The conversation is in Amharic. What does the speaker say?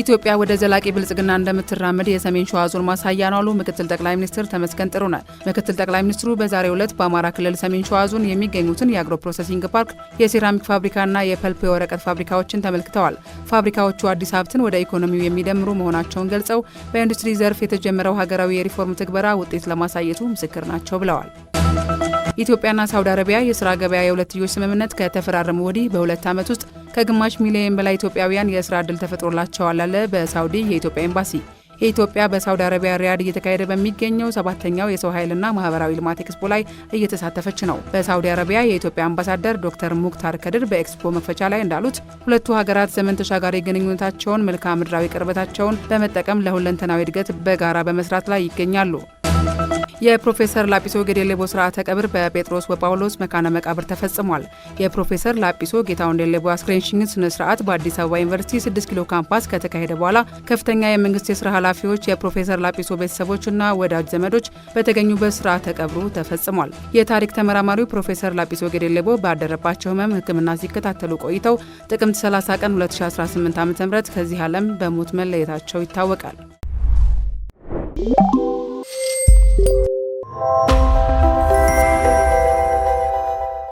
ኢትዮጵያ ወደ ዘላቂ ብልጽግና እንደምትራመድ የሰሜን ሸዋ ዞን ማሳያ ነው አሉ ምክትል ጠቅላይ ሚኒስትር ተመስገን ጥሩነህ። ምክትል ጠቅላይ ሚኒስትሩ በዛሬው ዕለት በአማራ ክልል ሰሜን ሸዋ ዞን የሚገኙትን የአግሮ ፕሮሰሲንግ ፓርክ፣ የሴራሚክ ፋብሪካና የፐልፕ የወረቀት ፋብሪካዎችን ተመልክተዋል። ፋብሪካዎቹ አዲስ ሀብትን ወደ ኢኮኖሚው የሚደምሩ መሆናቸውን ገልጸው በኢንዱስትሪ ዘርፍ የተጀመረው ሀገራዊ የሪፎርም ትግበራ ውጤት ለማሳየቱ ምስክር ናቸው ብለዋል። ኢትዮጵያና ሳውዲ አረቢያ የስራ ገበያ የሁለትዮሽ ስምምነት ከተፈራረሙ ወዲህ በሁለት ዓመት ውስጥ ከግማሽ ሚሊዮን በላይ ኢትዮጵያውያን የስራ ዕድል ተፈጥሮላቸዋል አለ በሳውዲ የኢትዮጵያ ኤምባሲ። የኢትዮጵያ በሳውዲ አረቢያ ሪያድ እየተካሄደ በሚገኘው ሰባተኛው የሰው ኃይልና ማህበራዊ ልማት ኤክስፖ ላይ እየተሳተፈች ነው። በሳውዲ አረቢያ የኢትዮጵያ አምባሳደር ዶክተር ሙክታር ከድር በኤክስፖ መክፈቻ ላይ እንዳሉት ሁለቱ ሀገራት ዘመን ተሻጋሪ ግንኙነታቸውን፣ መልክዓ ምድራዊ ቅርበታቸውን በመጠቀም ለሁለንተናዊ እድገት በጋራ በመስራት ላይ ይገኛሉ። የፕሮፌሰር ላጲሶ ጌዴሌቦ ስርዓተ ቀብር በጴጥሮስ ወጳውሎስ መካነ መቃብር ተፈጽሟል። የፕሮፌሰር ላጲሶ ጌታሁን ዴሌቦ አስክሬን ሽኝት ስነ ስርዓት በአዲስ አበባ ዩኒቨርሲቲ 6 ኪሎ ካምፓስ ከተካሄደ በኋላ ከፍተኛ የመንግስት የስራ ኃላፊዎች፣ የፕሮፌሰር ላጲሶ ቤተሰቦችና ወዳጅ ዘመዶች በተገኙበት ስርዓተ ቀብሩ ተፈጽሟል። የታሪክ ተመራማሪው ፕሮፌሰር ላጲሶ ጌዴሌቦ ባደረባቸው ህመም ሕክምና ሲከታተሉ ቆይተው ጥቅምት 30 ቀን 2018 ዓ ም ከዚህ ዓለም በሞት መለየታቸው ይታወቃል።